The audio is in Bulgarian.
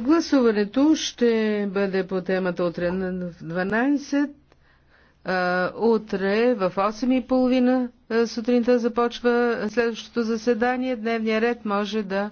Гласуването ще бъде по темата утре на 12. Утре в 8.30 сутринта започва следващото заседание. Дневния ред може да